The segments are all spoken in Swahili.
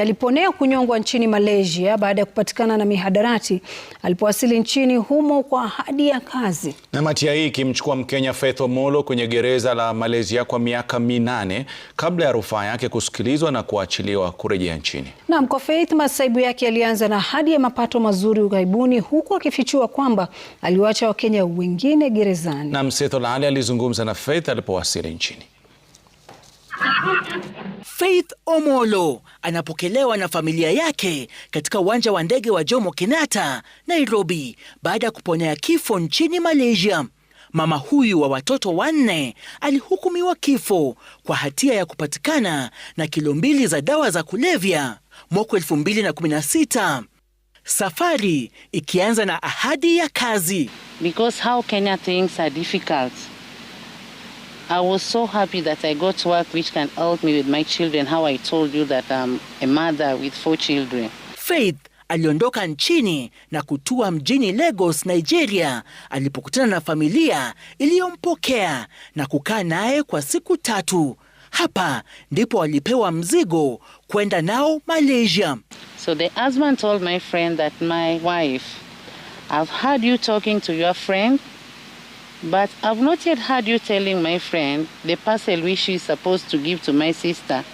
Aliponea kunyongwa nchini Malaysia baada ya kupatikana na mihadarati alipowasili nchini humo kwa ahadi ya kazi. Na hatia hii ikimchukua Mkenya Faith Omolo kwenye gereza la Malaysia kwa miaka minane kabla ya rufaa yake kusikilizwa na kuachiliwa kurejea nchini. Naam, kwa Faith masaibu yake yalianza na ahadi ya mapato mazuri ughaibuni huku akifichua kwamba aliwacha Wakenya wengine gerezani. Naam, Seth Olale alizungumza na Faith alipowasili nchini. Faith Omolo anapokelewa na familia yake katika uwanja wa ndege wa Jomo Kenyatta, Nairobi, baada ya kuponea kifo nchini Malaysia. Mama huyu wa watoto wanne alihukumiwa kifo kwa hatia ya kupatikana na kilo mbili za dawa za kulevya mwaka 2016. Safari ikianza na ahadi ya kazi. Because how Kenya things are difficult. I was so happy that I got work which can help me with my children, how I told you that I'm a mother with four children. Faith aliondoka nchini na kutua mjini Lagos, Nigeria, alipokutana na familia iliyompokea na kukaa naye kwa siku tatu. Hapa ndipo alipewa mzigo kwenda nao Malaysia. So the husband told my friend that my wife, I've heard you talking to your friend But I've not yet heard you telling my friend the parcel which she is supposed to give to my sister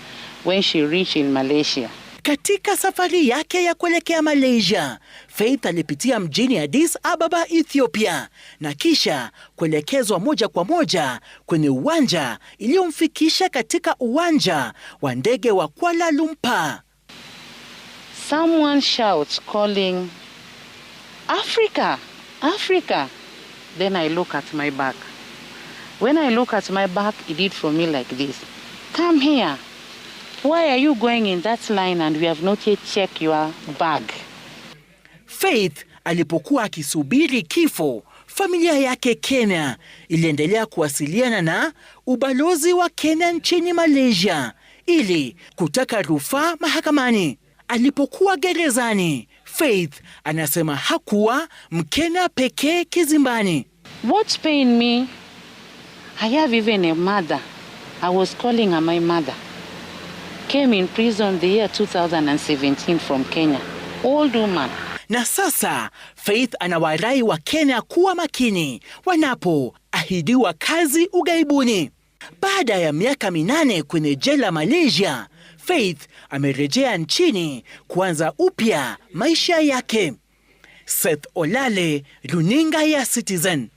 when she reach in Malaysia. Katika safari yake ya kuelekea Malaysia, Faith alipitia mjini Addis Ababa, Ethiopia na kisha kuelekezwa moja kwa moja kwenye uwanja iliyomfikisha katika uwanja wa ndege wa Kuala Lumpur. Someone shouts calling Africa, Africa. Then I look at my back. When I look at my back, he did for me like this. Come here. Why are you going in that line and we have not yet checked your bag? Faith alipokuwa akisubiri kifo, familia yake Kenya iliendelea kuwasiliana na ubalozi wa Kenya nchini Malaysia ili kutaka rufaa mahakamani. Alipokuwa gerezani, Faith anasema hakuwa Mkenya pekee kizimbani. What's pain me? I have even a mother. I was calling her my mother. Came in prison the year 2017 from Kenya. Old woman. Na sasa Faith anawarai wa Kenya kuwa makini wanapoahidiwa kazi ugaibuni. Baada ya miaka minane kwenye jela Malaysia, Faith amerejea nchini kuanza upya maisha yake. Seth Olale, runinga ya Citizen.